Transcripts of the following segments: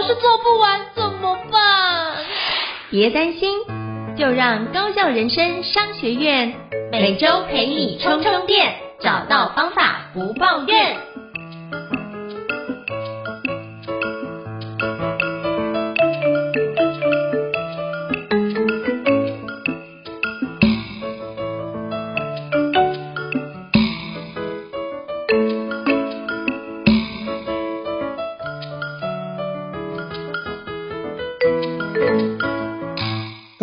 老是做不完怎麼辦？別擔心，就讓高效人生商學院每周陪你充充電，找到方法不抱怨。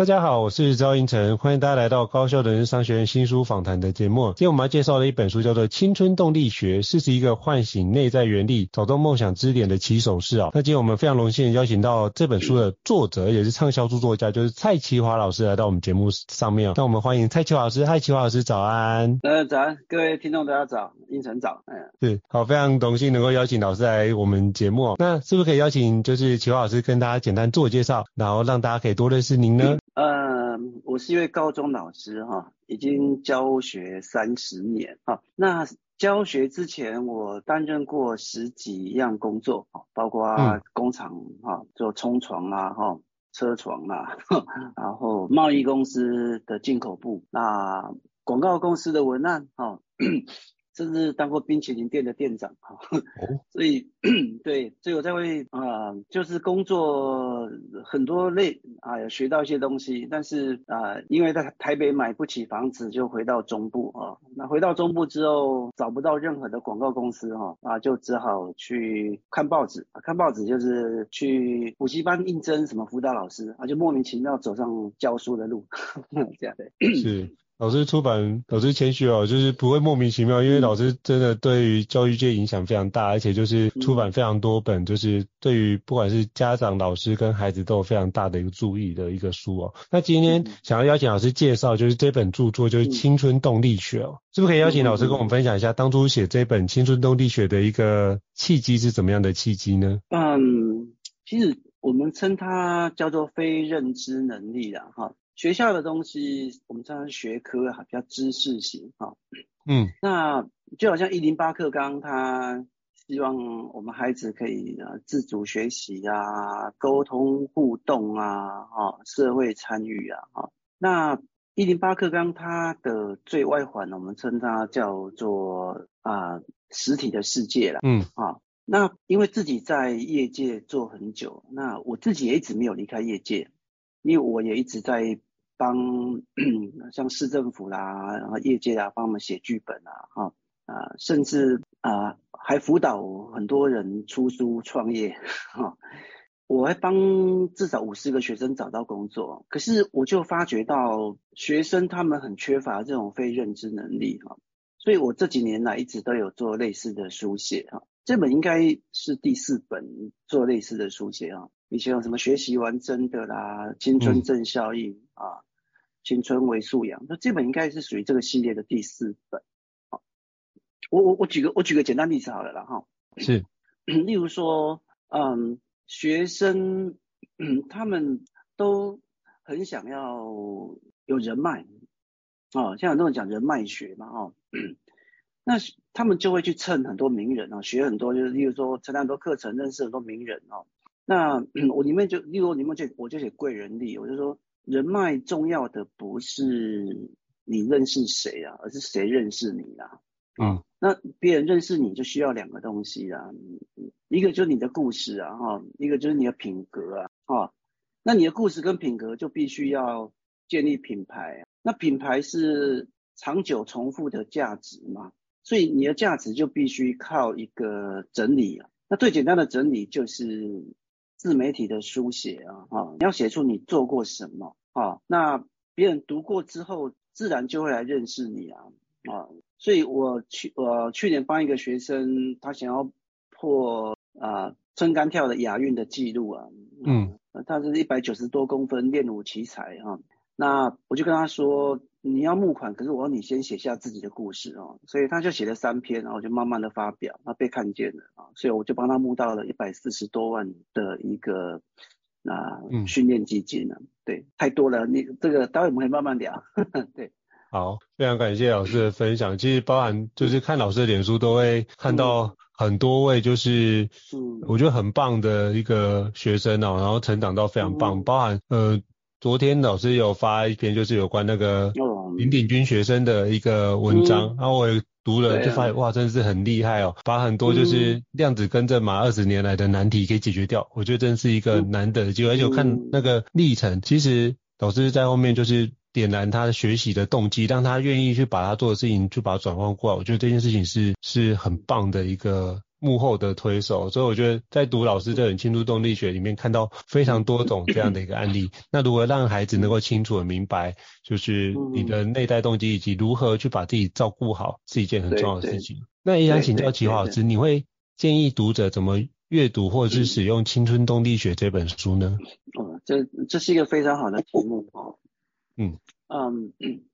大家好，我是趙胤丞，歡迎大家來到高效人生商學院新書訪談的節目。今天我們要介紹的一本書叫做《青春動力學：四十一個喚醒內在原力、找到夢想支點的起手式》啊。那今天我們非常榮幸邀請到這本書的作者，也是暢銷書作家，就是蔡淇華老師來到我們節目上面。那我們歡迎蔡淇華老師，蔡淇華老師早安。呃，早安，各位聽眾大家早，胤丞早，嗯、哎，是，好，非常榮幸能夠邀請老師來我們節目。那是不是可以邀請就是淇華老師跟大家簡單自我介紹，然後讓大家可以多認識您呢？嗯呃，我是一位高中老師哈，已經教學三十年哈。那教學之前，我擔任過十幾樣工作，包括工廠哈做沖床啊哈、車床啊，然後貿易公司的進口部，那廣告公司的文案哈。 甚至當過冰淇淋店的店長、哦、 所以 對，所以我才會啊，就是工作很多類啊，也、呃、學到一些東西，但是啊、呃，因為在台北買不起房子，就回到中部啊、呃，那回到中部之後找不到任何的廣告公司哈，啊、呃，就只好去看報紙、呃，看報紙就是去補習班應徵什麼輔導老師，啊、呃，就莫名其妙走上教書的路，這 樣，對，對是。老師出版，老師謙虛哦，就是不會莫名其妙，因為老師真的對於教育界影響非常大，而且就是出版非常多本，嗯、就是對於不管是家長、老師跟孩子都有非常大的一個助益的一個書哦、喔。那今天想要邀請老師介紹，就是這本著作就是《青春動力學、喔》哦，是不是可以邀請老師跟我們分享一下當初寫這本《青春動力學》的一個契機是怎麼樣的契機呢？嗯，其實我們稱它叫做非認知能力的哈。學校的東西，我們稱它學科哈，比較知識型哈。哦、嗯，那就好像108課綱它希望我們孩子可以自主學習啊，溝通互動啊，哈、哦，社會參與啊，哈、哦。那108課綱它的最外環，我們稱它叫做啊、呃、實體的世界了。嗯、哦，那因為自己在業界做很久，那我自己也一直沒有離開業界，因為我也一直在。幫像市政府啦、啊，然後業界啊，幫我們寫劇本啊，啊、哦呃，甚至啊、呃、還輔導很多人出書創業，哈、哦，我還幫至少五十個學生找到工作。可是我就發覺到學生他們很缺乏這種非認知能力，哦、所以我這幾年來、啊、一直都有做類似的書寫，哈、哦，這本應該是第四本做類似的書寫，哈、哦。以前有什麼學習玩真的啦，青春正效應、嗯、啊，青春微素養。那這本應該是屬於這個系列的第四本。好、哦，我我我舉個我舉個簡單例子好了啦哈。哦、是。例如說，嗯，學生他們都很想要有人脈，哦，像有那種講人脈學嘛哈、哦。那他們就會去蹭很多名人哦，學很多就是，例如說蹭很多課程，認識很多名人哦。那、嗯、我裡面就，例如我裡面就我就寫貴人力，我就說人脈重要的不是你認識誰啊，而是誰認識你啊。嗯，那別人認識你就需要兩個東西啊，一個就是你的故事啊哈，一個就是你的品格啊哈、啊。那你的故事跟品格就必須要建立品牌，啊。那品牌是長久重複的價值嘛，所以你的價值就必須靠一個整理啊。那最簡單的整理就是。自媒體的書寫啊，哈、哦，你要寫出你做過什麼啊、哦，那別人讀過之後，自然就會來認識你啊，啊、哦，所以我去我去年幫一個學生，他想要破啊撐杆跳的亞運的紀錄啊，嗯，他是一百九十多公分練武奇才啊、哦，那我就跟他說。你要募款，可是我要你先寫下自己的故事哦，所以他就寫了三篇，然後就慢慢的發表，他被看見了啊，所以我就幫他募到了一百四十多萬的一個呃訓練基金了。嗯、對，太多了，你這個待會我們可以慢慢聊。 對，好，非常感謝老師的分享。其實包含就是看老師的臉書都會看到很多位就是我覺得很棒的一個學生哦，然後成長到非常棒，嗯、包含呃。昨天老師有發一篇，就是有關那個林鼎君學生的一個文章，然後、嗯啊、我也讀了、啊、就發現，哇，真的是很厲害哦，把很多就是量子跟着馬二十年來的難題給解決掉，嗯、我覺得真是一個難得的機會。嗯、而且我看那個歷程，嗯、其實老師在後面就是點燃他學習的動機，讓他願意去把他做的事情就把它轉換過來，我覺得這件事情是是很棒的一個。幕後的推手，所以我覺得在讀老師這本《青春動力學》裡面看到非常多種這樣的一個案例。咳咳，那如果讓孩子能夠清楚地明白，就是你的內在動機以及如何去把自己照顧好，是一件很重要的事情。對對，那也想請教淇華老師，對對對，你會建議讀者怎麼閱讀或者是使用《青春動力學》這本書呢？嗯，這這是一個非常好的題目啊、哦。嗯嗯，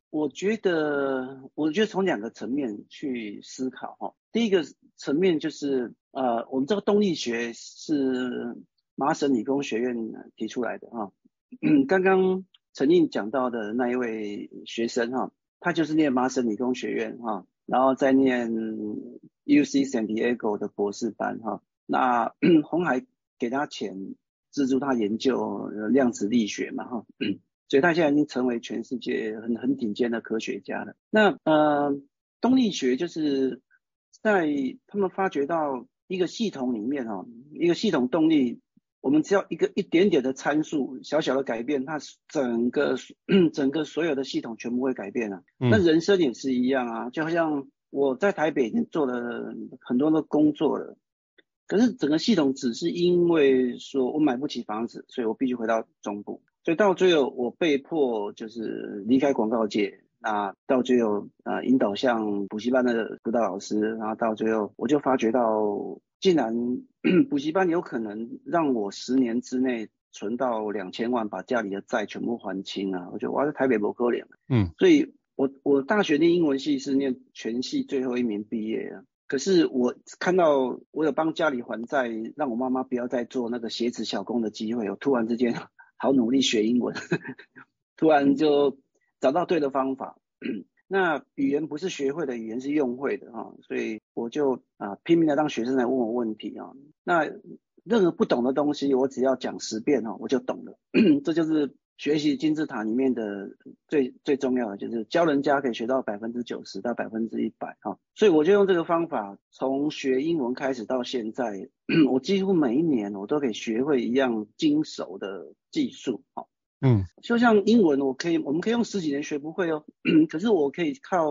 我覺得我覺得從兩個層面去思考哈、哦，第一個是。層面就是呃，我們這個動力學是麻省理工學院提出來的啊、哦。剛剛胤丞講到的那一位學生哈、哦，他就是念麻省理工學院哈、哦，然後在念 UC San Diego 的博士班哈、哦。那紅海給他錢，資助他研究量子力學嘛哈、哦，所以他現在已經成為全世界很很頂尖的科學家了。那呃，動力學就是。在他們發覺到一個系統裡面哈、哦，一個系統動力，我們只要一個一點點的參數，小小的改變，它整個整個所有的系統全部會改變了、啊。嗯、那人生也是一樣啊，就好像我在台北已經做了很多的工作了，可是整個系統只是因為說我買不起房子，所以我必須回到中部，所以到最後我被迫就是離開廣告界。那、啊、到最後，呃、啊，引導像補習班的輔導老師，然、啊、後到最後，我就發覺到，竟然補習班有可能讓我十年之內存到兩千萬，把家裡的債全部還清啊。我覺得我在台北某夠了。嗯，所以我，我我大學念英文系是念全系最後一名畢業啊。可是我看到我有幫家裡還債，讓我媽媽不要再做那個鞋子小工的機會，我突然之間好努力學英文，呵呵突然就、嗯。找到對的方法。 那語言不是學會的，語言是用會的哈、哦。所以我就啊，拼命的讓學生來問我問題啊、哦。那任何不懂的東西，我只要講十遍哈、哦，我就懂了。這就是學習金字塔裡面的最最重要的，就是教人家可以學到百分之九十到百分之一百哈。所以我就用這個方法，從學英文開始到現在，我幾乎每一年我都可以學會一樣精熟的技術哈。哦嗯，就像英文，我可以，我們可以用十幾年學不會哦，可是我可以靠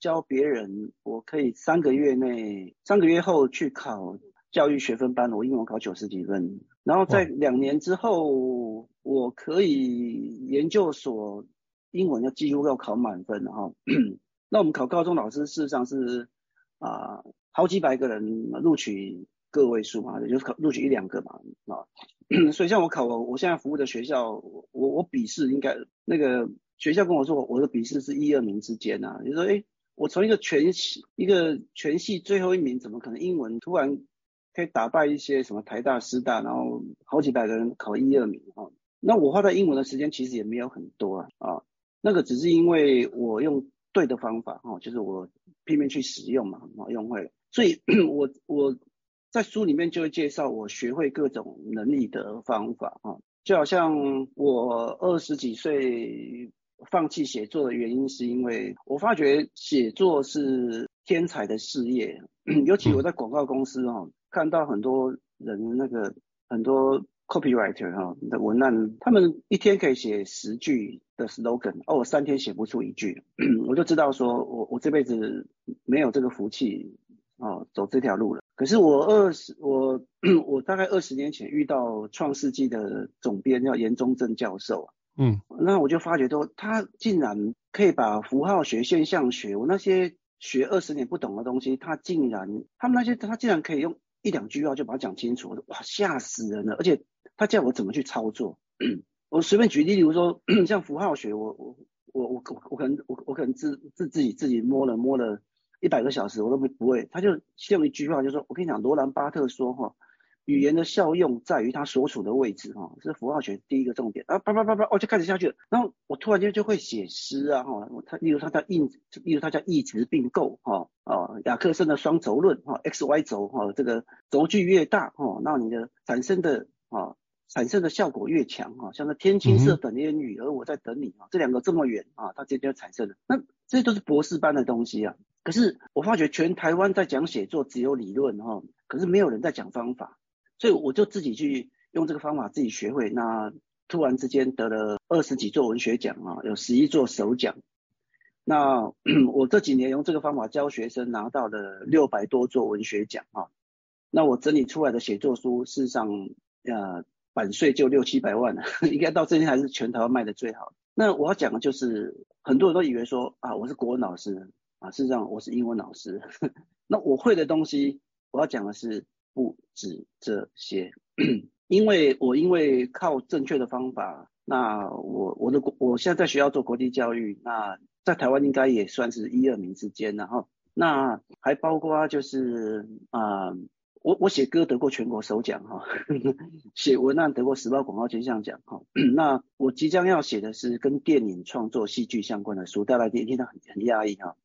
教別人，我可以三個月內，三個月後去考教育學分班，我英文考九十幾分，然後在兩年之後，哦、我可以研究所英文要幾乎要考滿分哈，那我們考高中老師事實上是啊、呃，好幾百個人錄取個位數嘛，也就是考錄取一兩個嘛，那、啊。 所以像我考我我現在服務的學校，我我筆試應該那個學校跟我說，我的筆試是一二名之間啊。你、就是、說，誒、欸，我從一個全系一個全系最後一名，怎麼可能英文突然可以打敗一些什麼台大、師大，然後好幾百個人考一二名啊？嗯、那我花在英文的時間其實也沒有很多啊，啊。那個只是因為我用對的方法啊，就是我拼命去使用嘛，啊、用會了，所以我 我。我在書裡面就會介紹我學會各種能力的方法哈，就好像我二十幾歲放棄寫作的原因是因為我發覺寫作是天才的事業， 尤其我在廣告公司哈，看到很多人那個很多 copywriter 哈的文案，他們一天可以寫十句的 slogan，而我三天寫不出一句， 我就知道說我我這輩子沒有這個福氣。哦，走這條路了。可是我二十，我我大概二十年前遇到《創世紀》的總編，叫嚴忠政教授啊，嗯，那我就發覺到，他竟然可以把符號學、現象學，我那些學二十年不懂的東西，他竟然，他們那些，他竟然可以用一兩句話就把它講清楚。我說哇，嚇死人了！而且他教我怎麼去操作。 我隨便舉例，比如說像符號學，我我我我我可能我我可能自自自己自己摸了摸了。一百個小時我都不不會，他就用一句話就是說，我跟你講，羅蘭巴特說哈，語言的效用在於他所處的位置哈，這是符號學第一個重點啊，叭叭叭叭哦，就開始下去了，然後我突然間就會寫詩啊哈，例如他叫意，例如他叫意指並購哈啊，雅克森的雙軸論哈，X Y 軸哈，這個軸距越大哈，那你的產生的啊產生的效果越強哈，像那天青色等煙雨，而我在等你啊，嗯、這兩個這麼遠啊，它這邊產生的，那這些都是博士班的東西啊。可是我發覺全台灣在講寫作只有理論哈、哦，可是沒有人在講方法，所以我就自己去用這個方法自己學會，那突然之間得了二十幾座文學獎啊、哦，有十一座首獎。那 我這幾年用這個方法教學生，拿到了六百多座文學獎啊、哦。那我整理出來的寫作書，事實上呃版稅就六七百萬，呵呵應該到今天還是全台灣賣的最好。那我要講的就是，很多人都以為說啊，我是國文老師。啊，事實上我是英文老師，那我會的東西，我要講的是不止這些， 因為我因為靠正確的方法，那我我的國，我現在在學校做國際教育，那在台灣應該也算是一二名之間、啊，然、哦、後那還包括就是啊、呃，我我寫歌得過全國首獎哈、哦，寫文案得過時報廣告金像獎哈，那我即將要寫的是跟電影創作、戲劇相關的書，大家一定要很很壓抑哈。哦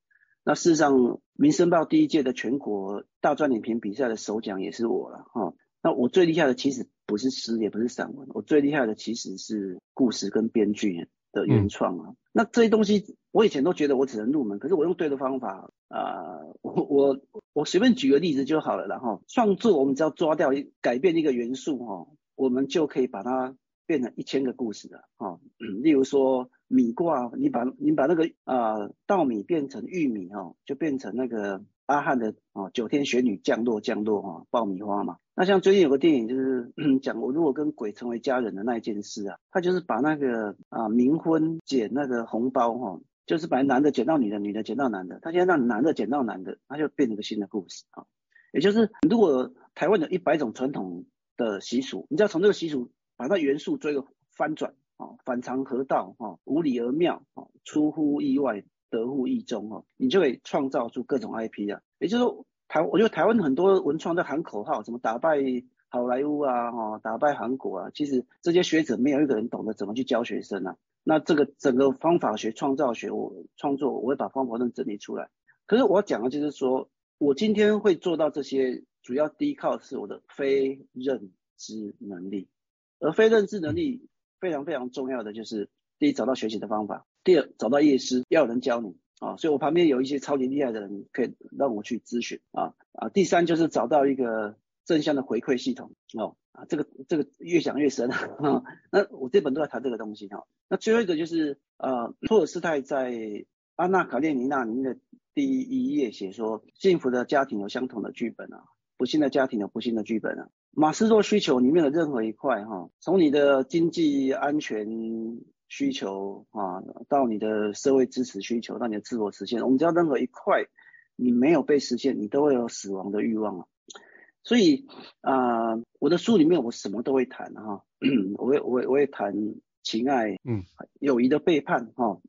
那事實上，民生報第一屆的全國大專點評比賽的首獎也是我了哈。那我最厲害的其實不是詩，也不是散文，我最厲害的其實是故事跟編劇的原創啊。嗯、那這些東西，我以前都覺得我只能入門，可是我用對的方法啊、呃，我我我隨便舉個例子就好了啦，然後創作我們只要抓掉改變一個元素哈，我們就可以把它。變成一千個故事的、啊、哈、哦嗯，例如說米掛，你把你把那個啊、呃、稻米變成玉米，哈、哦，就變成那個阿漢的啊、哦、九天玄女降落降落哈、哦、爆米花嘛。那像最近有個電影就是講我如果跟鬼成為家人的那一件事啊，他就是把那個啊冥婚撿那個紅包，哈、哦，就是把男的撿到女的，女的撿到男的，他現在讓男的撿到男的，他就變成一個新的故事啊、哦。也就是如果台灣有一百種傳統的習俗，你知道從這個習俗把它元素做一個翻轉啊，反常合道啊，無理而妙啊，出乎意外，得乎意中啊，你就可以創造出各種 IP 啊。也就是說，台，我覺得台灣很多文創在喊口號，什麼打敗好萊塢啊，哈，打敗韓國啊。其實這些學者沒有一個人懂得怎麼去教學生啊。那這個整個方法學、創造學，我創作我會把方法論整理出來。可是我要講的就是說，我今天會做到這些，主要依靠是我的非認知能力。而非認知能力非常非常重要的就是，第一找到學習的方法，第二找到業師，要有人教你啊、哦，所以我旁邊有一些超級厲害的人可以讓我去諮詢啊啊，第三就是找到一個正向的回饋系統哦，啊，這個這個越想越深、哦，那我這本都在談這個東西哈、哦，那最後一個就是呃托爾斯泰在《安娜·卡列尼娜》裡面的第一頁寫說：幸福的家庭有相同的劇本啊，不幸的家庭有不幸的劇本啊。馬斯洛需求裡面的任何一塊哈，從你的經濟安全需求啊，到你的社會支持需求，到你的自我實現，我們知道任何一塊你沒有被實現，你都會有死亡的慾望啊。所以啊、呃，我的書裡面我什麼都會談哈，我會，我會，我會談情愛，嗯，友誼的背叛哈，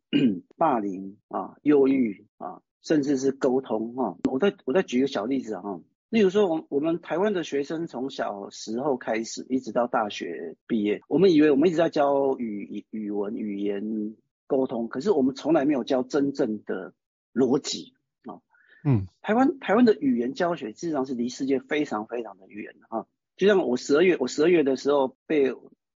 霸凌啊，憂鬱啊，甚至是溝通哈、啊。我再我再舉個小例子哈。啊。例如說我，我我們台灣的學生從小時候開始，一直到大學畢業，我們以為我們一直在教語語文語言溝通，可是我們從來沒有教真正的邏輯啊。嗯，台灣台灣的語言教學事實上是離世界非常非常的遠啊。就像我十二月我十二月的時候被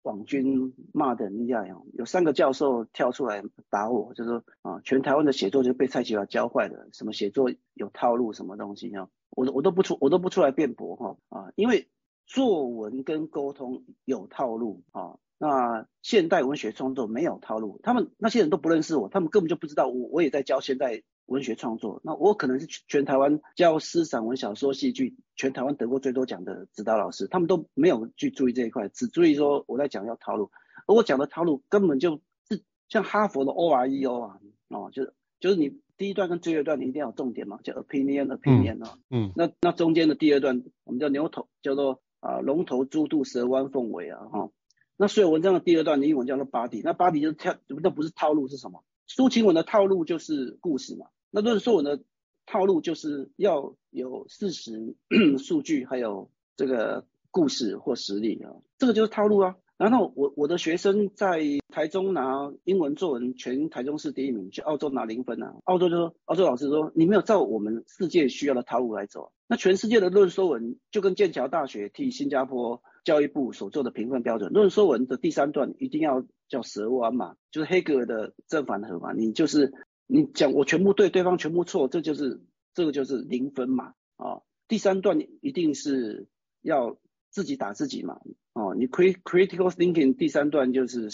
網軍罵得很厲害一樣，有三個教授跳出來打我，就是說啊，全台灣的寫作就被蔡淇華教壞的，什麼寫作有套路，什麼東西啊？我都我都不出我都不出來辯駁哈、哦、啊，因為作文跟溝通有套路啊，那現代文學創作沒有套路，他們那些人都不認識我，他們根本就不知道我我也在教現代文學創作，那我可能是全台灣教詩散文小說戲劇全台灣得過最多獎的指導老師，他們都沒有去注意這一塊，只注意說我在講要套路，而我講的套路根本就是像哈佛的 OREO 啊，哦、啊、就是就是你。第一段跟最後一段你一定要有重點嘛，叫 op opinion opinion，啊，哦，嗯，嗯，那那中間的第二段我們叫牛頭叫做，呃，頭舌，啊龍頭豬肚蛇彎鳳尾啊哈，那所有文章的第二段的英文叫做 body，那 body 就跳，那不是套路是什麼？抒情文的套路就是故事嘛，那論述文的套路就是要有事實數 據還有這個故事或實例啊，這個就是套路啊。然後我我的學生在台中拿英文作文全台中市第一名，去澳洲拿零分啊！澳洲就說，澳洲老師說，你沒有照我們世界需要的套路來走啊。那全世界的論說文就跟劍橋大學替新加坡教育部所做的評分標準，論說文的第三段一定要叫蛇彎嘛，就是黑格爾的正反合嘛。你就是你講我全部對，對方全部錯，這就是這個就是零分嘛啊哦！第三段一定是要自己打自己嘛。哦，你 cri critical thinking 第三段就是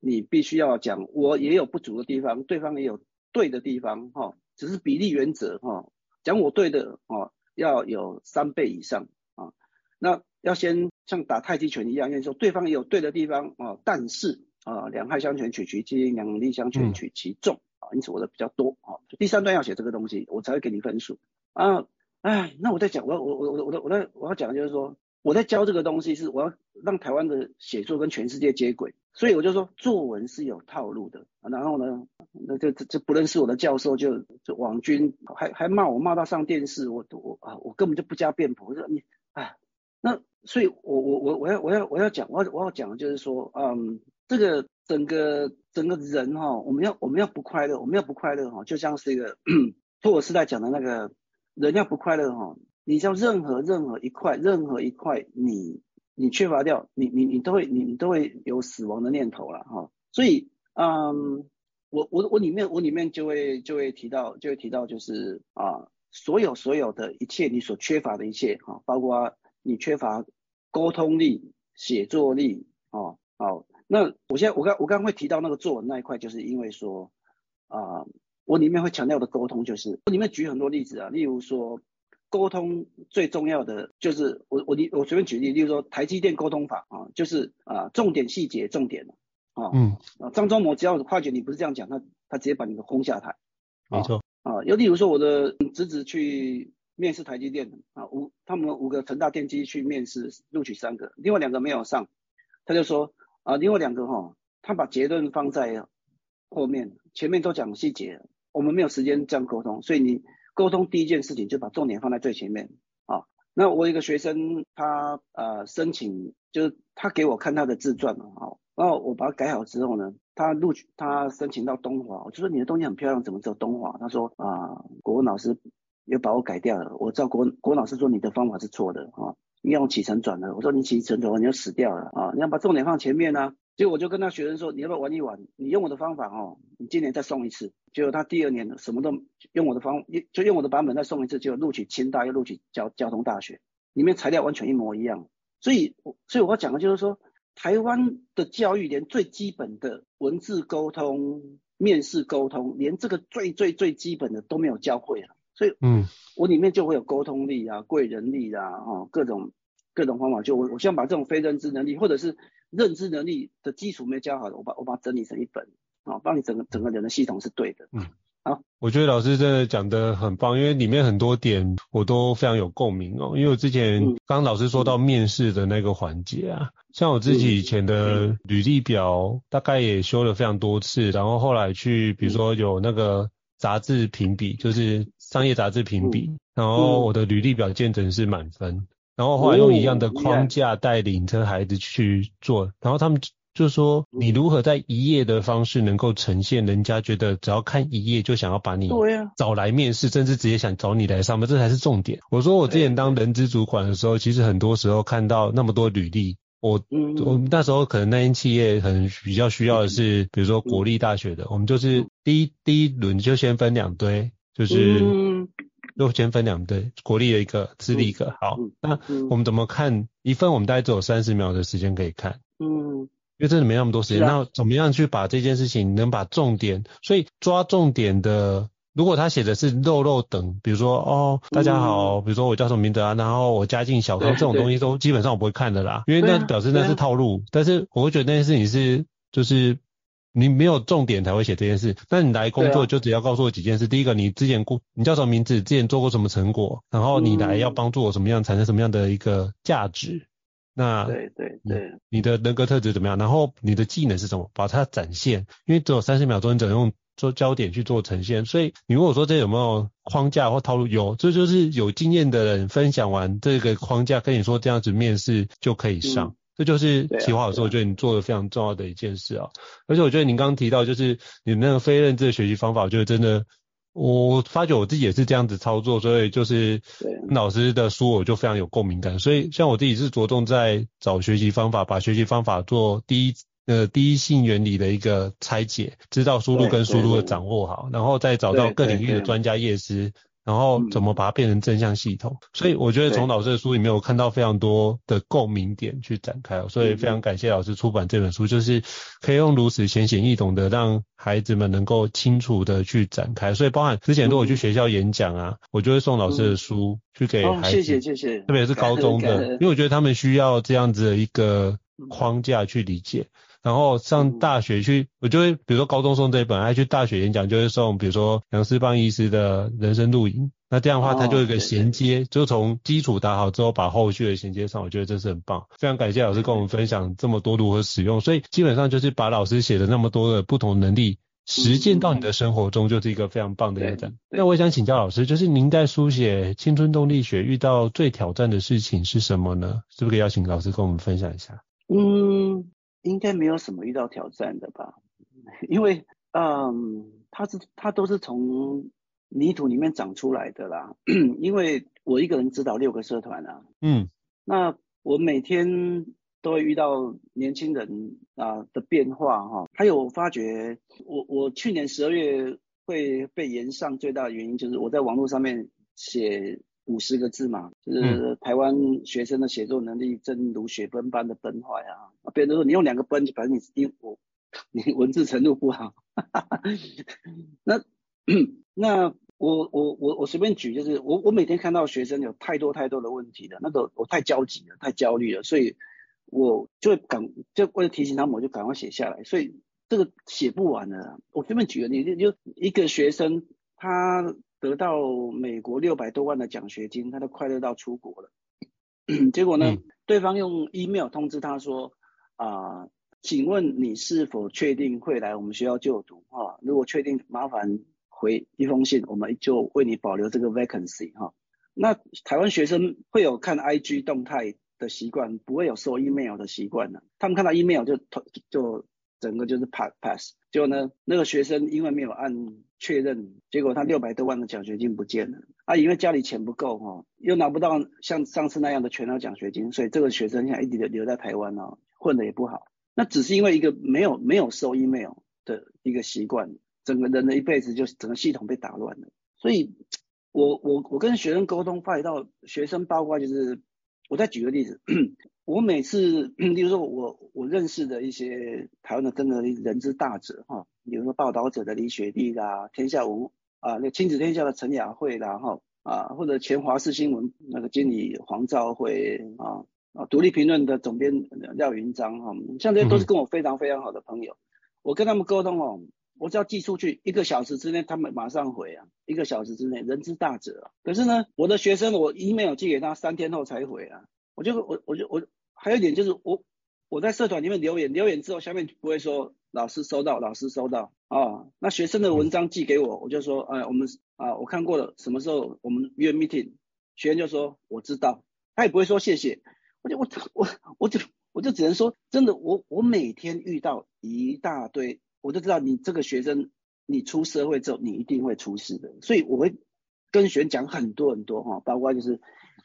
你必須要講，我也有不足的地方，對方也有對的地方，哈，只是比例原則，哈，講我對的，哦，要有三倍以上，啊，那要先像打太極拳一樣，要說對方也有對的地方，哦，但是，啊，兩害相權取其輕，兩利相權取其重，啊、嗯，因此我的比較多，啊，第三段要寫這個東西，我才會給你分數，啊，哎，那我在講，我我我我我我我要講的就是說。我在教這個東西是，我要讓台灣的寫作跟全世界接軌，所以我就說作文是有套路的。然後呢，那就就不認識我的教授就就網軍還還罵我罵到上電視，我我啊我根本就不加辯駁。我說你啊，那所以我，我我我我要我要我要講，我要我要講的就是說，嗯，這個整個整個人哈，我們要我們要不快樂，我們要不快樂哈，就像是一個托爾斯泰講的那個，人要不快樂哈。你像任何任何一塊，任何一塊，你你缺乏掉，你你你都會，你你都會有死亡的念頭啦，哈。所以，嗯，我我我裡面我裡面就會就會提到，就會提到就是啊，所有所有的一切你所缺乏的一切哈、啊，包括你缺乏溝通力、寫作力哦、啊。好，那我現在我剛我剛剛會提到那個作文那一塊，就是因為說啊，我裡面會強調的溝通就是，我裡面舉很多例子啊，例如說。溝通最重要的就是我我你我隨便舉例，例如說台積電溝通法啊，就是啊重點細節重點啊，嗯，啊張忠謀只要跨解你不是這樣講，他他直接把你轟下台，沒錯、哦、啊。又例如說我的侄子，子去面試台積電，啊五他們五個成大電機去面試，錄取三個，另外兩個沒有上，他就說啊另外兩個哈、哦，他把結論放在後面，前面都講細節，我們沒有時間這樣溝通，所以你。溝通第一件事情就把重點放在最前面啊。那我一個學生他呃申請，就是他給我看他的自傳嘛，然後那我把他改好之後呢，他錄取他申請到東華，我就說你的東西很漂亮，怎麼走東華？他說啊、呃，國文老師又把我改掉了。我知道國國文老師說你的方法是錯的啊，要用起承轉了，我說你起承轉了，你要死掉了啊，你要把重點放前面啊。結果我就跟他學生說：“你要不要玩一玩？你用我的方法哦，你今年再送一次。”結果他第二年什麼都用我的方法，就用我的版本再送一次，就錄取清大，又錄取交交通大學，裡面材料完全一模一樣。所以，所以我要講的就是說，台灣的教育連最基本的文字溝通、面試溝通，連這個最最最基本的都沒有教會了。所以，嗯，我裡面就會有溝通力啊、貴人力啊、哦、各種各種方法，就我我希望把這種非認知能力，或者是。認知能力的基礎沒教好的，我把我把它整理成一本啊，幫、哦、你整個整個人的系統是對的。嗯，好，我覺得老師真的講得很棒，因為裡面很多點我都非常有共鳴哦。因為我之前剛剛老師說到面試的那個環節啊，嗯嗯，像我自己以前的履歷表大概也修了非常多次，嗯、然後後來去比如說有那個雜誌評比，就是商業雜誌評比，嗯嗯，然後我的履歷表見證是滿分。然後後來用一樣的框架帶領着孩子去做，哦、然後他們就說：“你如何在一頁的方式能夠呈現，人家覺得只要看一頁就想要把你找來面試，啊、甚至直接想找你來上班，這才是重點。”我說：“我之前當人資主管的時候，哎、其實很多時候看到那麼多履歷，我、嗯、我們那時候可能那些企業很比較需要的是，比如說國立大學的，我們就是第一、嗯、第一輪就先分兩堆，就是。嗯”又先分兩堆，國立的一個，私立一個。嗯、好，那我們怎麼看、嗯、一份？我們大概只有三十秒的時間可以看。嗯，因為真的沒那麼多時間。啊、那怎麼樣去把這件事情能把重點？所以抓重點的，如果他寫的是肉肉等，比如說哦，大家好，嗯、比如說我叫什麼名字啊，然後我家境小康，對這種東西都基本上我不會看的啦，因為那表示那是套路。啊啊、但是我會覺得那件事情是就是。你沒有重點才會寫這件事。那你來工作就只要告訴我幾件事。啊、第一個，你之前你叫什麼名字？之前做過什麼成果？然後你來要幫助我什麼樣，嗯、產生什麼樣的一個價值？那對對對，你的人格特質怎麼樣？然後你的技能是什麼？把它展現，因為只有三十秒鐘，你只能用做焦點去做呈現。所以你問我說這有沒有框架或套路？有，這就，就是有經驗的人分享完這個框架，跟你說這樣子面試就可以上。嗯這就是淇華老師，我覺得你做的非常重要的一件事啊、喔。而且我覺得你剛剛提到，就是你那個非認知的學習方法，我覺得真的，我發覺我自己也是這樣子操作，所以就是老師的書我就非常有共鳴感。所以像我自己是着重在找學習方法，把學習方法做第一呃第一性原理的一個拆解，知道輸入跟輸入的掌握好，然後再找到各領域的專家業師。然後怎麼把它變成正向系統？嗯、所以我覺得從老師的書裡面，我看到非常多的共鳴點去展開，對所以非常感謝老師出版這本書，嗯、就是可以用如此淺顯易懂的，讓孩子們能夠清楚的去展開。所以包含之前如果我去學校演講啊，嗯、我就會送老師的書去給孩子，謝謝、嗯哦、謝謝，謝謝。特別是高中的，因為我覺得他們需要這樣子的一個框架去理解。嗯然後上大學去，嗯、我就會比如說高中送這一本，還去大學演講就會送比如說楊思邦醫師的人生錄影。那這樣的話，它就有一個銜接，哦、對對對，就從基礎打好之後，把後續的銜接上，我覺得這是很棒。非常感謝老師跟我們分享這麼多如何使用，對對對，所以基本上就是把老師寫的那麼多的不同的能力實踐到你的生活中，就是一個非常棒的擴展。對對對，那我也想請教老師，就是您在書寫青春動力學遇到最挑戰的事情是什麼呢？是不是可以邀請老師跟我們分享一下？嗯。應該沒有什麼遇到挑戰的吧， 因為，嗯，它是它都是從泥土裡面長出來的啦。 因為我一個人指導六個社團啊，嗯，那我每天都會遇到年輕人啊、呃、的變化哈、哦。還有我發覺我，我我去年十二月會被延上最大的原因就是我在網絡上面寫。五十個字嘛，就是台灣學生的寫作能力真如雪崩般的崩壞啊！別人都說你用兩個崩，反正你你我你文字程度不好。 那 那我我我我隨便舉，就是我我每天看到學生有太多太多的問題了，那個我太焦急了，太焦慮了，所以我就趕就為了提醒他們，我就趕快寫下來。所以這個寫不完了，我隨便舉個，你就就一個學生他。得到美國六百多萬的獎學金，他都快樂到出國了。 結果呢，對方用 email 通知他說：“啊、呃，請問你是否確定會來我們學校就讀？哈、哦，如果確定，麻煩回一封信，我們就為你保留這個 vacancy 哈、哦。那台灣學生會有看 IG 動態的習慣，不會有收 email 的習慣了。他們看到 email 就就整個就是 pass pass。結果呢，那個學生因為沒有按。”確認，結果他六百多萬的獎學金不見了。啊，因為家裡錢不夠哈、哦，又拿不到像上次那樣的全額獎學金，所以這個學生現在一直留在台灣、哦、混得也不好。那只是因為一個沒有沒有收 email 的一個習慣，整個人的一輩子就整個系統被打亂了。所以我，我我我跟學生溝通，發覺到學生八卦就是，我再舉個例子。 我每次，比如說我我認識的一些台灣的真的人之大者哈，比如說報道者的李雪莉啦，天下無啊那個、親子天下》的陳雅慧啦，哈、啊，啊或者前華視新聞那個經理黃兆惠啊，啊獨立評論的總編廖雲章哈，像這些都是跟我非常非常好的朋友。我跟他們溝通哦，我只要寄出去，一個小時之內他們馬上回啊，一個小時之內人之大者啊。可是呢，我的學生我一 m 有 i 寄給他，三天後才回啊。我就我我就我。還有一點就是我，我我在社團裡面留言，留言之後下面不會說老師收到，老師收到啊、哦。那學生的文章寄給我，我就說，呃、哎，我們啊我看過了，什麼時候我們約 meeting？學員就說我知道，他也不會說謝謝，我就我我我，我就我就只能說，真的我我每天遇到一大堆，我就知道你這個學生，你出社會之後你一定會出事的，所以我會跟學員講很多很多哈，包括就是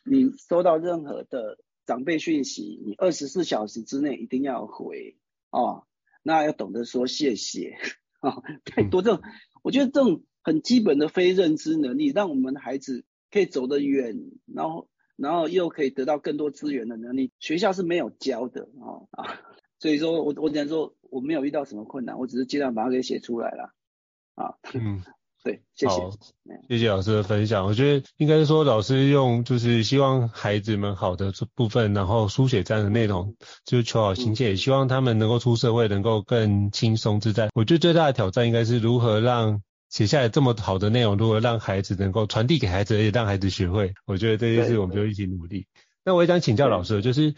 你收到任何的。長輩訊息，你二十四小時之內一定要回哦。那要懂得說謝謝哦。太多這種，嗯、我覺得這種很基本的非認知能力，讓我們的孩子可以走得遠，然後然後又可以得到更多資源的能力，學校是沒有教的、哦、啊。所以說我我只能說我沒有遇到什麼困難，我只是盡量把它給寫出來了啊。嗯。對，謝謝好，謝謝老師的分享。我覺得應該是說，老師用就是希望孩子們好的部分，然後書寫這樣的內容，就求好心切，嗯、也希望他們能夠出社會，能夠更輕鬆自在。我覺得最大的挑戰應該是如何讓寫下來這麼好的內容，如何讓孩子能夠傳遞給孩子，也讓孩子學會。我覺得這件事我們就一起努力。對那我也想請教老師，對就是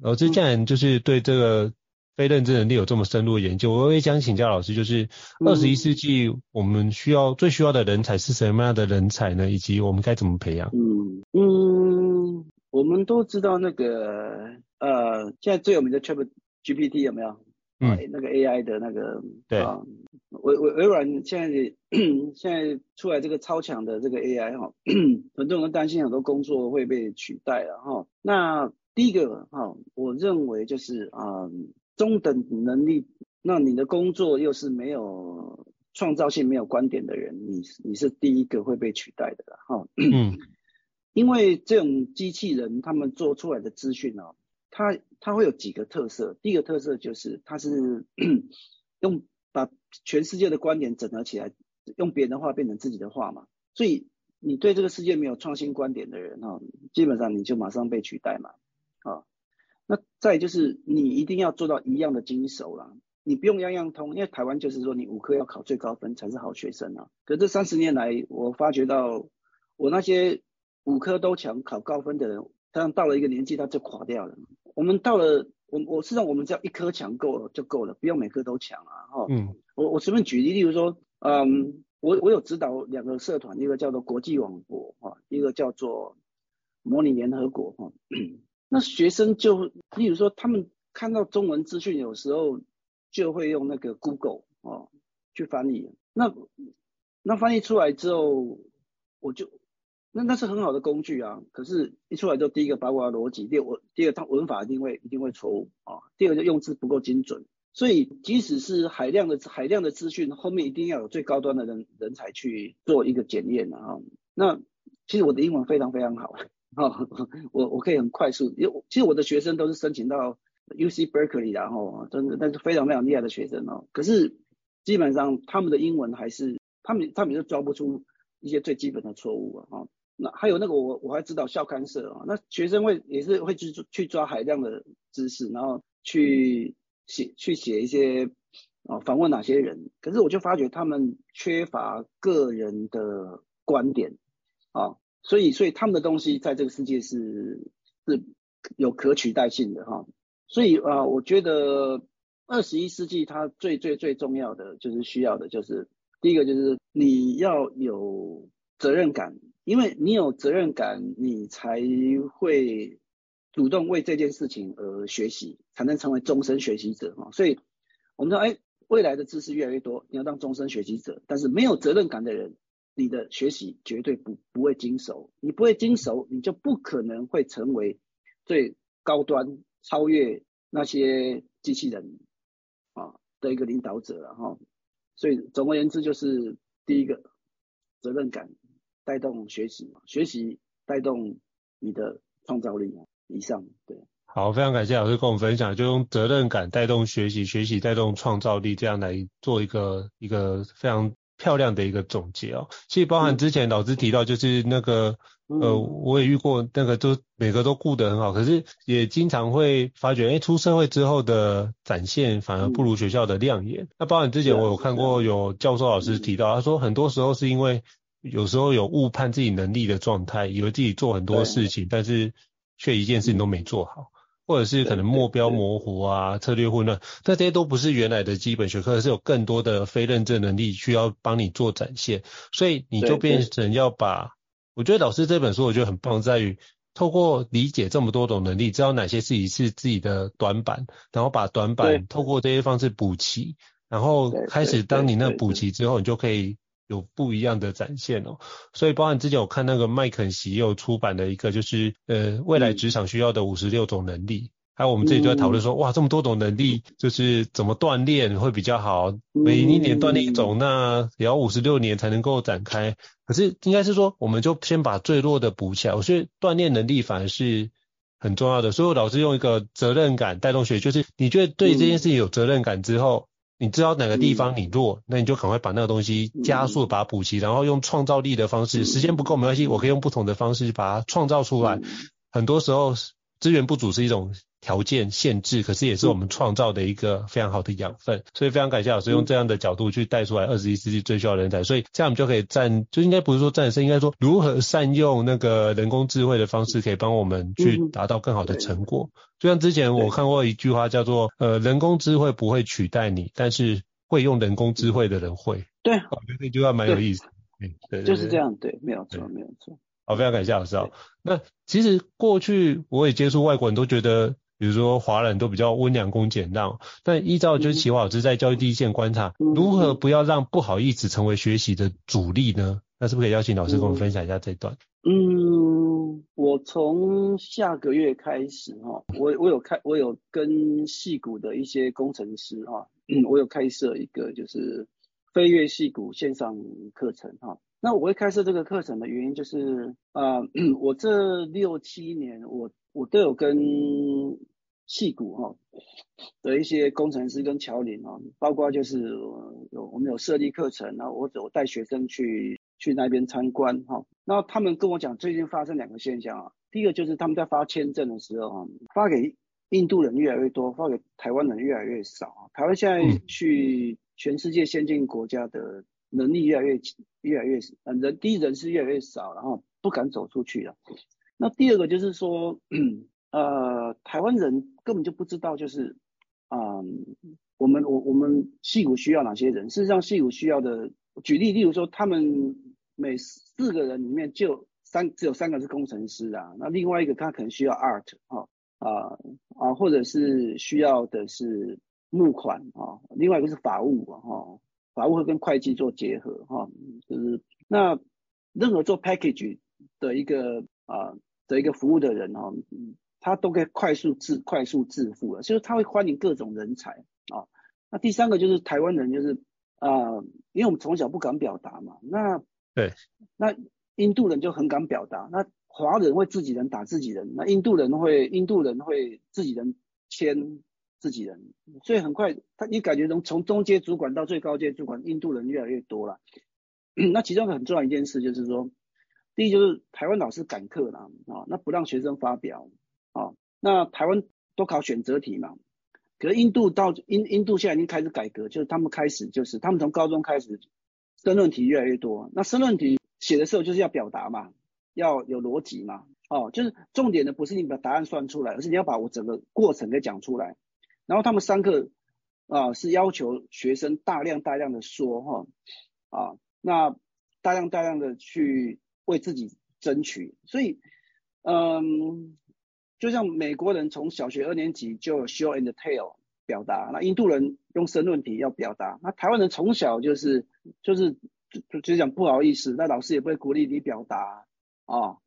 老師既然就是對這個。嗯非認知能力有這麼深入的研究，我我也想請教老師，就是二十一世紀我們需要最需要的人才是什麼樣的人才呢？以及我們該怎麼培養？嗯嗯，我們都知道那個呃，現在最有名的 ChatGPT 有沒有？嗯，那個 AI 的那個對啊、哦，微微微軟現在現在出來這個超強的這個 AI 哈，很多人都擔心很多工作會被取代了哈、哦。那第一個哈、哦，我認為就是啊。嗯中等能力，那你的工作又是沒有創造性、沒有觀點的人，你你是第一個會被取代的哈。哦嗯，因為這種機器人他們做出來的資訊哦，它它會有幾個特色，第一個特色就是它是用把全世界的觀點整合起來，用別人的話變成自己的話嘛，所以你對這個世界沒有創新觀點的人哈，基本上你就馬上被取代嘛。那再就是你一定要做到一樣的精熟啦，你不用樣樣通，因為台灣就是說你五科要考最高分才是好學生啊。可是這三十年來，我發覺到我那些五科都強、考高分的人，他到了一個年紀他就垮掉了。我們到了，我我實際上我們只要一科強夠了就夠了，不用每科都強啊。哈，嗯我，我我隨便舉例，例如說，嗯，我我有指導兩個社團，一個叫做國際網博，一個叫做模擬聯合國哈。那學生就，例如說，他們看到中文資訊，有時候就會用那個 Google 哦去翻譯。那那翻譯出來之後，我就那那是很好的工具啊。可是，一出來就第一個八卦邏輯，第二，第二它文法一定會一定會錯誤啊。第二個就用字不夠精準。所以，即使是海量的海量的資訊，後面一定要有最高端的人人才去做一個檢驗啊。哦、那其實我的英文非常非常好。哦，我我可以很快速，因為其實我的學生都是申請到 U C Berkeley 的、啊、哦，但是但是非常非常厲害的學生哦，可是基本上他們的英文還是，他們他們都抓不出一些最基本的錯誤啊。那還有那個我我還知道校刊社啊、哦，那學生會也是會去去抓海量的知識，然後去寫去寫一些訪、哦、問哪些人，可是我就發覺他們缺乏個人的觀點啊。哦所以，所以他們的東西在這個世界是是有可取代性的哈。所以啊，我覺得二十一世紀它最最最重要的就是需要的，就是第一個就是你要有責任感，因為你有責任感，你才會主動為這件事情而學習，才能成為終身學習者哈。所以我們說，哎，未來的知識越來越多，你要當終身學習者，但是沒有責任感的人。你的學習絕對不不會精熟，你不會精熟，你就不可能會成為最高端、超越那些機器人啊的一個領導者了哈。所以，總而言之，就是第一個責任感帶動學習嘛，學習帶動你的創造力嘛。以上，對。好，非常感謝老師跟我們分享，就用責任感帶動學習，學習帶動創造力，這樣來做一個一個非常。漂亮的一個總結哦，其實包含之前老師提到，就是那個、嗯、呃，我也遇過，那個都每個都顧得很好，可是也經常會發覺，哎，出社會之後的展現反而不如學校的亮眼。嗯、那包含之前我有看過有教授老師提到，他說很多時候是因為有時候有誤判自己能力的狀態，以為自己做很多事情，對但是卻一件事情都沒做好。或者是可能目標模糊啊，對對對，策略混亂，但這些都不是原來的基本學科，而是有更多的非認證能力需要幫你做展現，所以你就變成要把。對對，我覺得老師這本書我覺得很棒，在於透過理解這麼多種能力，知道哪些自己是自己的短板，然後把短板透過這些方式補齊，然後開始當你那補齊之後，你就可以。有不一樣的展現哦，所以包含之前我看那個麥肯錫又出版了一個，就是呃未來職場需要的五十六種能力，嗯、還有我們自己就在討論說，哇這麼多種能力，就是怎麼鍛鍊會比較好？每一年鍛鍊一種，那也要五十六年才能夠展開。可是應該是說，我們就先把最弱的補起來。我覺得鍛鍊能力反而是很重要的，所以我老是用一個責任感帶動學，就是你覺得對這件事情有責任感之後。嗯你知道哪個地方你弱，那你就趕快把那個東西加速，把它補齊，然後用創造力的方式。時間不夠沒關係，我可以用不同的方式把它創造出來。很多時候資源不足是一種。條件限制，可是也是我們創造的一個非常好的養分，所以非常感謝老師用這樣的角度去帶出來二十一世紀最需要人才，所以這樣我們就可以戰，就應該不是說戰勝，應該說如何善用那個人工智慧的方式，可以幫我們去達到更好的成果。就像之前我看過一句話，叫做呃，人工智慧不會取代你，但是會用人工智慧的人會。對，我覺得這句話蠻有意思。嗯，對，就是這樣。對，沒有錯，沒有錯。好，非常感謝老師。那其實過去我也接觸外國人都覺得。比如說，華人都比較溫良恭儉讓，但依照就是淇華老師在教育第一線觀察，嗯、如何不要讓不好意思成為學習的阻力呢？那是不是可以邀請老師跟我們分享一下這一段？嗯，我從下個月開始哈，我我有開我有跟矽谷的一些工程師哈，我有開設一個就是飛躍矽谷線上課程哈。那我會開設這個課程的原因就是啊、呃，我這六七年我。我都有跟矽谷哈，的一些工程師跟僑領哦，包括就是有我們有設立課程，然後我我帶學生去去那邊參觀哈，那他們跟我講，最近發生兩個現象啊，第一個就是他們在發簽證的時候，發給印度人越來越多，發給台灣人越來越少。台灣現在去全世界先進國家的能力越來越越來越人第一人是越來越少，然後不敢走出去了。那第二個就是說，嗯、呃，台灣人根本就不知道，就是，嗯，我們我我們矽谷需要哪些人？事實上，矽谷需要的，舉例，例如說，他們每四個人裡面就三，只有三個是工程師啊，那另外一個他可能需要 art、哦、啊，啊啊，或者是需要的是募款啊、哦，另外一個是法務啊，哈、哦，法務會跟會計做結合，哈、哦，就是那任何做 package 的一個啊。的一個服務的人哈、哦嗯，他都可以快速自快速致富了，所以他會歡迎各種人才啊、哦。那第三個就是台灣人就是啊、呃，因為我們從小不敢表達嘛，那對，那印度人就很敢表達，那華人會自己人打自己人，那印度人會印度人會自己人簽自己人，所以很快他你感覺從從中階主管到最高階主管，印度人越來越多了。 那其中一個很重要的一件事就是說。第一就是台灣老師趕課啦，啊、哦，那不讓學生發表，啊、哦，那台灣都考選擇題嘛，可是印度到印印度現在已經開始改革，就是他們開始就是他們從高中開始，申論題越來越多，那申論題寫的時候就是要表達嘛，要有邏輯嘛，哦，就是重點的不是你把答案算出來，而是你要把我整個過程給講出來，然後他們上課啊是要求學生大量大量的說哈，啊、哦，那大量大量的去。為自己爭取，所以，嗯，就像美國人從小學二年級就有 show and tell 表達，那印度人用申論題要表達，那台灣人從小就是就是就就講不好意思，那老師也不會鼓勵你表達啊、哦，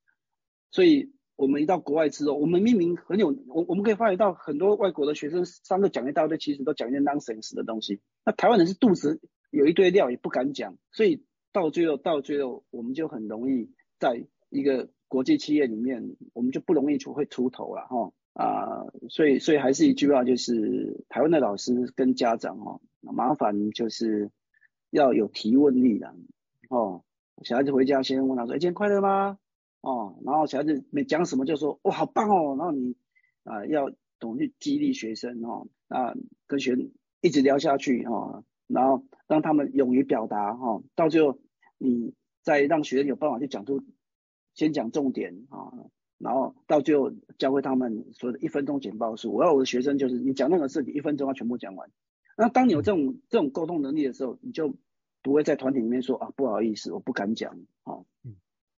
所以我們一到國外之後，我們明明很有我我們可以發覺到很多外國的學生上課講一大堆，其實都講一點 nonsense 的東西，那台灣人是肚子有一堆料也不敢講，所以。到最後，到最後，我們就很容易在一個國際企業裡面，我們就不容易出會出頭了哈、哦、啊，所以，所以還是一句話，就是台灣的老師跟家長哦，麻煩就是要有提問力的哦，小孩子回家先問他說：“欸、今天快樂嗎？”哦，然後小孩子沒講什麼就說：“哦，好棒哦！”然後你啊，要懂得去激勵學生哦，啊，跟學生一直聊下去啊。哦然後讓他們勇於表達哈，到最後你再讓學生有辦法去講出，先講重點啊，然後到最後教會他們說的一分鐘簡報術。我要我的學生就是你講任何事，你一分鐘要全部講完。那當你有這種、嗯、這種溝通能力的時候，你就不會在團體裡面說啊，不好意思，我不敢講啊。嗯，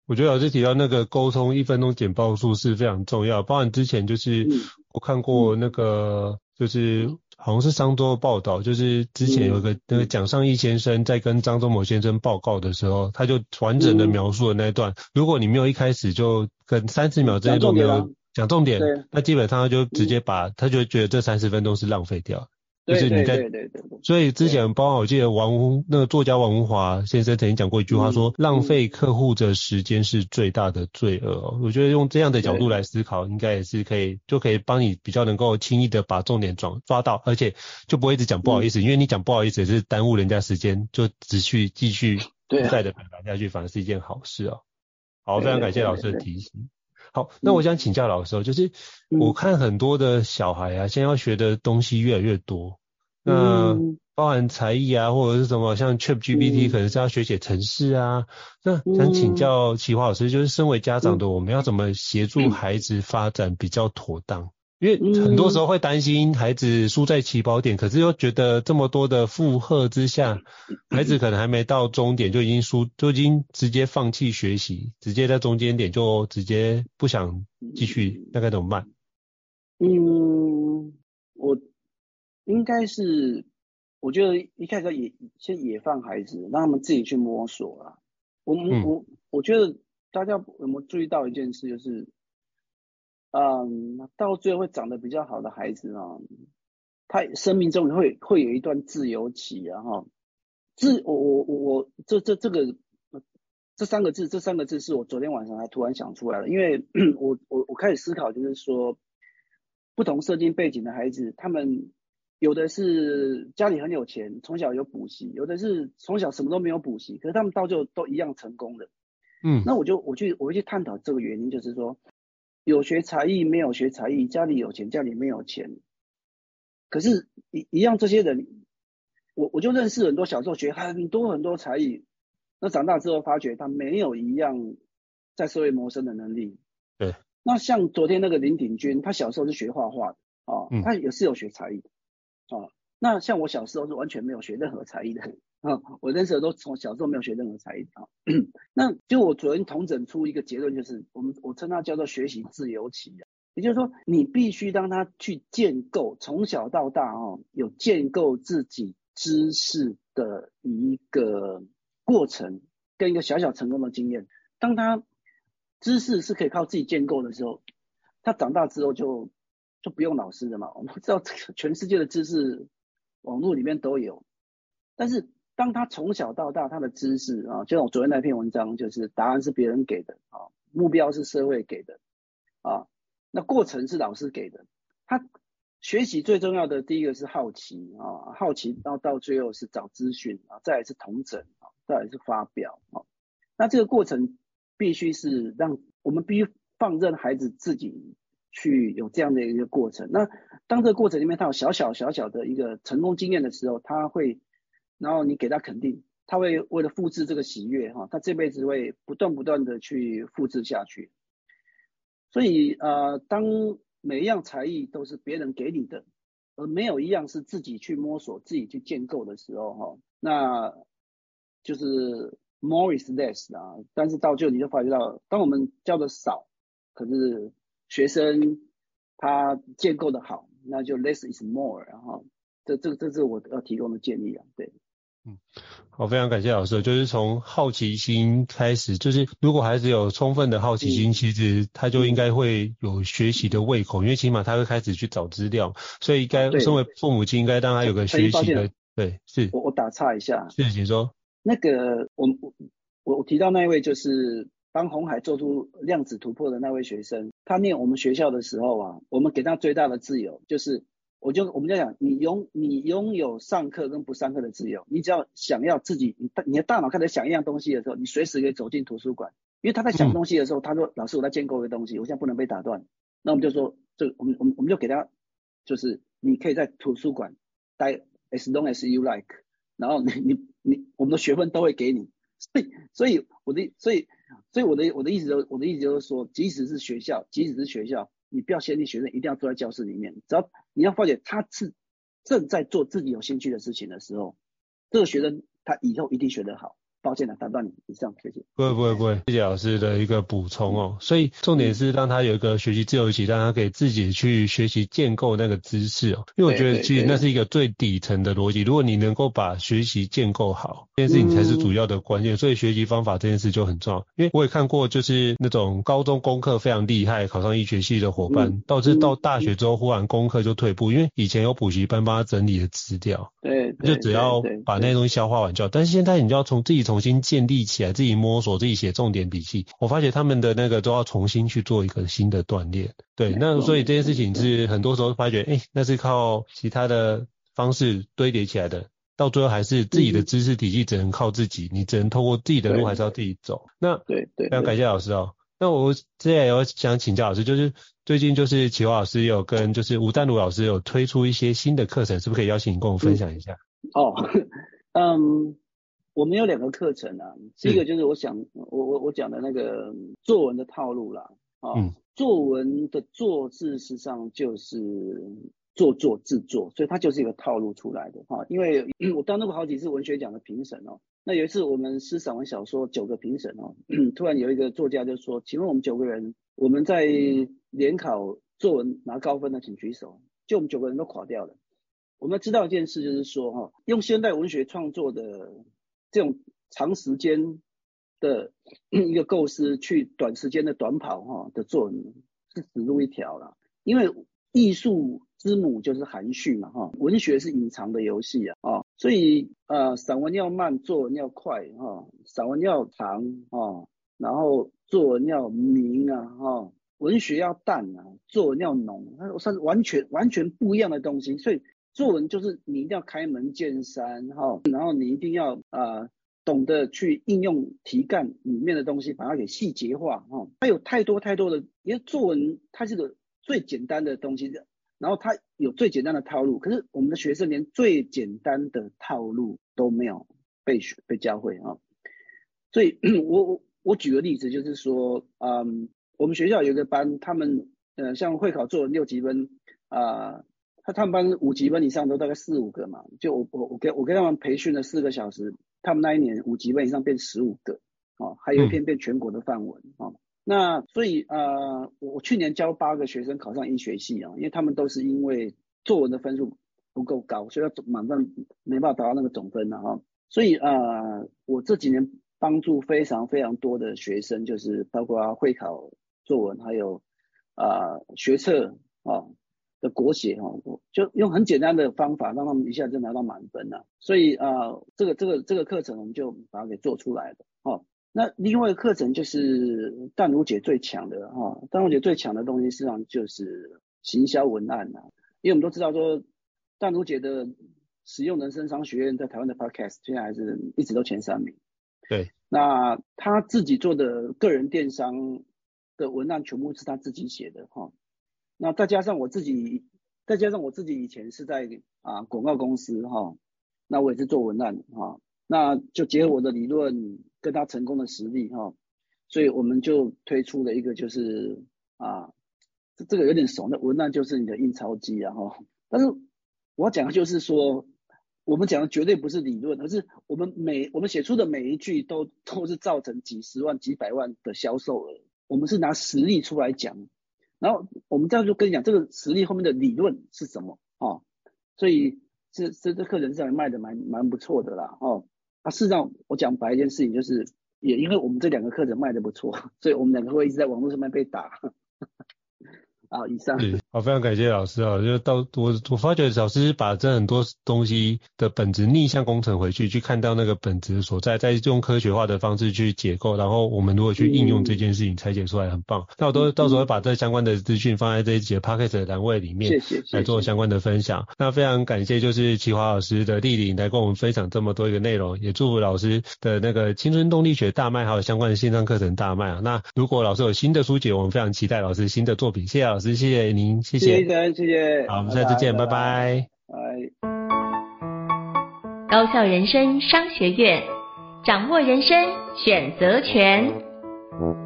我覺得老師提到那個溝通一分鐘簡報術是非常重要，包括之前就是我看過那個。嗯嗯就是好像是商周報道，就是之前有個那個蔣尚義先生在跟張忠謀先生報告的時候，他就完整的描述了那一段。嗯、如果你沒有一開始就跟三十秒這些都沒有講重，重點，對那基本上他就直接把、嗯、他就覺得這三十分鐘是浪費掉。就是你在，對對對對對，所以之前包括我記得王對那個作家王文華先生曾經講過一句話說，說、嗯、浪費客戶的時間是最大的罪惡、哦。我覺得用這樣的角度來思考，對應該也是可以，就可以幫你比較能夠輕易的把重點抓抓到，而且就不會一直講不好意思，嗯、因為你講不好意思也是耽誤人家時間，就只去繼續再的表達下去，啊、反而是一件好事哦。好，非常感謝老師的提醒。對對對對對。好，那我想請教老師，嗯、就是我看很多的小孩啊，嗯、現在要學的東西越來越多，嗯、那包含才藝啊，或者是什麼像 ChatGPT 可能是要學寫程式啊，嗯、那想請教淇華老師，就是身為家長的我們要怎麼協助孩子發展比較妥當？嗯嗯因為很多時候會擔心孩子輸在起跑點，嗯、可是又覺得這麼多的負荷之下，孩子可能還沒到終點就已經輸，就已經直接放棄學習，直接在中間點就直接不想繼續，那該、嗯、怎麼辦？嗯，我應該是，我覺得一開始也先野放孩子，讓他們自己去摸索啦、啊。我、嗯、我我覺得大家有沒有注意到一件事，就是。嗯，到最後會長得比較好的孩子啊、哦，他生命中會會有一段自由期啊、哦，哈，自我我我這這這個、呃、這三個字這三個字是我昨天晚上還突然想出來的，因為 我我我開始思考，就是說不同社經背景的孩子，他們有的是家裡很有錢，從小有補習，有的是從小什麼都沒有補習，可是他們到最後都一樣成功的，嗯，那我就我去我會去探討這個原因，就是說。有學才藝，沒有學才藝；家裡有錢，家裡沒有錢。可是一一樣，這些人，我我就認識很多，小時候學很多很多才藝，那長大之後發覺他沒有一樣在社會謀生的能力。對是。那像昨天那個林鼎君，他小時候是學畫畫的，哦，他也是有學才藝的。嗯、哦，那像我小時候是完全沒有學任何才藝的。啊、哦，我認識的都從小時候沒有學任何才藝啊。 那就我昨天統整出一個結論，就是我們我稱它叫做學習自由期啊，也就是說你必須讓他去建構從小到大啊、哦，有建構自己知識的一個過程跟一個小小成功的經驗。當他知識是可以靠自己建構的時候，他長大之後就就不用老師了嘛。我們知道全世界的知識網絡裡面都有，但是。當他從小到大，他的知識啊，就像我昨天那篇文章，就是答案是別人給的啊，目標是社會給的啊，那過程是老師給的。他學習最重要的第一個是好奇啊，好奇，到最後是找資訊啊，再來是統整啊，再來是發表啊。那這個過程必須是讓我們必須放任孩子自己去有這樣的一個過程。那當這個過程裡面他有小小小小的一個成功經驗的時候，他會。然後你給他肯定，他會為了複製這個喜悅哈，他這輩子會不斷不斷的去複製下去。所以呃，當每一樣才藝都是別人給你的，而沒有一樣是自己去摸索、自己去建構的時候哈，那就是 more is less 啊。但是到最後你就發覺到，當我們教的少，可是學生他建構的好，那就 less is more。然後這這這是我要提供的建議啊，對。嗯，好，非常感謝老師。就是從好奇心開始，就是如果孩子有充分的好奇心，嗯、其實他就應該會有學習的胃口，嗯、因為起碼他會開始去找資料，所以應該、啊、身為父母親應該讓他有個學習的。對，對，對，對，是。我我打岔一下，謝謝你說。那個我我我我提到那一位，就是當鴻海做出量子突破的那位學生，他念我們學校的時候啊，我們給他最大的自由就是。我就我們就想，你擁你擁有上課跟不上課的自由，你只要想要自己，你大你的大腦開始想一樣東西的時候，你隨時可以走進圖書館，因為他在想東西的時候，嗯、他說老師我在建構一個東西，我現在不能被打斷，那我們就說，這我們我們我們就給他，就是你可以在圖書館待 as long as you like，然後你你你我們的學分都會給你，所以所以我的所以所以我的我的意思就是我的意思就是說、就是，即使是學校即使是學校。你不要限定學生一定要坐在教室裡面，只要你要發覺他是正在做自己有興趣的事情的時候，這個學生他以後一定學得好。抱歉啊，打斷你，這樣，謝謝。不會不會不會，謝謝老師的一個補充哦。所以重點是讓他有一個學習自由期，嗯、讓他可以自己去學習建構那個知識哦。因為我覺得其實那是一個最底層的邏輯。對對對對，如果你能夠把學習建構好，這件事情才是主要的關鍵。嗯、所以學習方法這件事就很重要。因為我也看過，就是那種高中功課非常厲害，考上醫學系的夥伴，導致、嗯、到大學之後忽然功課就退步，嗯、因為以前有補習班幫他整理的資料，對，對，對，對，對，對，就只要把那些東西消化完就好。但是現在你就要從自己從重新建立起來，自己摸索，自己寫重點筆記。我發現他們的那個都要重新去做一個新的鍛鍊。對，那所以這件事情是很多時候發覺，哎、欸，那是靠其他的方式堆疊起來的，到最後還是自己的知識體系只能靠自己，嗯、你只能透過自己的路還是要自己走。那對對，對，那感謝老師哦。那我之前也有想請教老師，就是最近就是淇華老師有跟就是吳淡如老師有推出一些新的課程，是不是可以邀請你跟我分享一下？嗯、哦，嗯。我們有兩個課程啊，第一個就是我想是我我我講的那個作文的套路啦，啊、哦，嗯、作文的作，事實上就是做作製作，所以它就是一個套路出來的哈、哦。因為我當過好幾次文學獎的評審哦，那有一次我們詩、散文、小說九個評審哦、嗯，突然有一個作家就說，請問我們九個人我們在聯考作文拿高分的，請舉手，就我們九個人都垮掉了。我們要知道一件事就是說哈、哦，用現代文學創作的。這種長時間的一個構思，去短時間的短跑哈的作文是死路一條了。因為藝術之母就是含蓄嘛哈，文學是隱藏的遊戲啊啊，所以呃散文要慢，作文要快哈，散文要長哈，然後作文要明啊哈，文學要淡啊，作文要濃，它是完全完全不一樣的東西，所以。作文就是你一定要開門見山哈，然後你一定要、呃、懂得去應用題幹裡面的東西，把它給細節化哈、哦。它有太多太多的，因為作文它是個最簡單的東西，然後它有最簡單的套路。可是我們的學生連最簡單的套路都沒有被學、被教會啊、哦。所以，我我我舉個例子，就是說，嗯，我們學校有一個班，他們呃像會考作文六級分啊。呃他他們班五級分以上都大概四五個嘛，就我我給我給他們培訓了四個小時，他們那一年五級分以上變十五個，哦，還有一篇變全國的範文，哦、那所以呃，我去年教八個學生考上醫學系啊、哦，因為他們都是因為作文的分數不夠高，所以要總滿分沒辦法達到那個總分的、哦、所以呃，我這幾年幫助非常非常多的學生，就是包括會考作文，還有啊、呃、學測啊。哦的國寫哈、哦，我就用很簡單的方法，讓他們一下子就拿到滿分了，啊。所以啊、呃，這個這個這個課程我們就把它給做出來了。哦，那另外一個課程就是淡如姐最強的哈，哦，淡如姐最強的東西實際上就是行銷文案啊，因為我們都知道說淡如姐的實用人生商學院在台灣的 podcast 現在還是一直都前三名。對，那她自己做的個人電商的文案全部是她自己寫的哈。哦那再加上我自己，再加上我自己以前是在啊廣告公司哈、哦，那我也是做文案的哈、哦，那就結合我的理論跟他成功的實例哈、哦，所以我們就推出了一個就是啊這這個有點慫的文案就是你的印鈔機啊哈，但是我要講的就是說我們講的絕對不是理論，而是我們每我們寫出的每一句都都是造成幾十萬幾百萬的銷售額，我們是拿實力出來講。然後我們這樣就跟你講這個實例後面的理論是什麼啊？哦，所以這這這課程是還賣的蠻蠻不錯的啦哦。啊，事實上我講白一件事情就是，也因為我們這兩個課程賣的不錯，所以我們兩個會一直在網絡上面被打。啊，以上。對，好，非常感謝老師啊！就是到我，我發覺老師把這很多東西的本質逆向工程回去，去看到那個本質所在，再用科學化的方式去解構，然後我們如何去應用這件事情，嗯、拆解出來很棒。那我都、嗯、到時候會把這相關的資訊放在這一集的 Podcast 的欄位裡面，謝謝，來做相關的分享。謝謝，那非常感謝，就是淇華老師的蒞臨來跟我們分享這麼多一個內容，也祝福老師的那個青春動力學大賣，還有相關的線上課程大賣啊！那如果老師有新的書籍，我們非常期待老師新的作品。謝謝老師。謝謝您，謝謝謝謝。好，我們下次見，拜拜。高效人生商學院，掌握人生選擇權。嗯嗯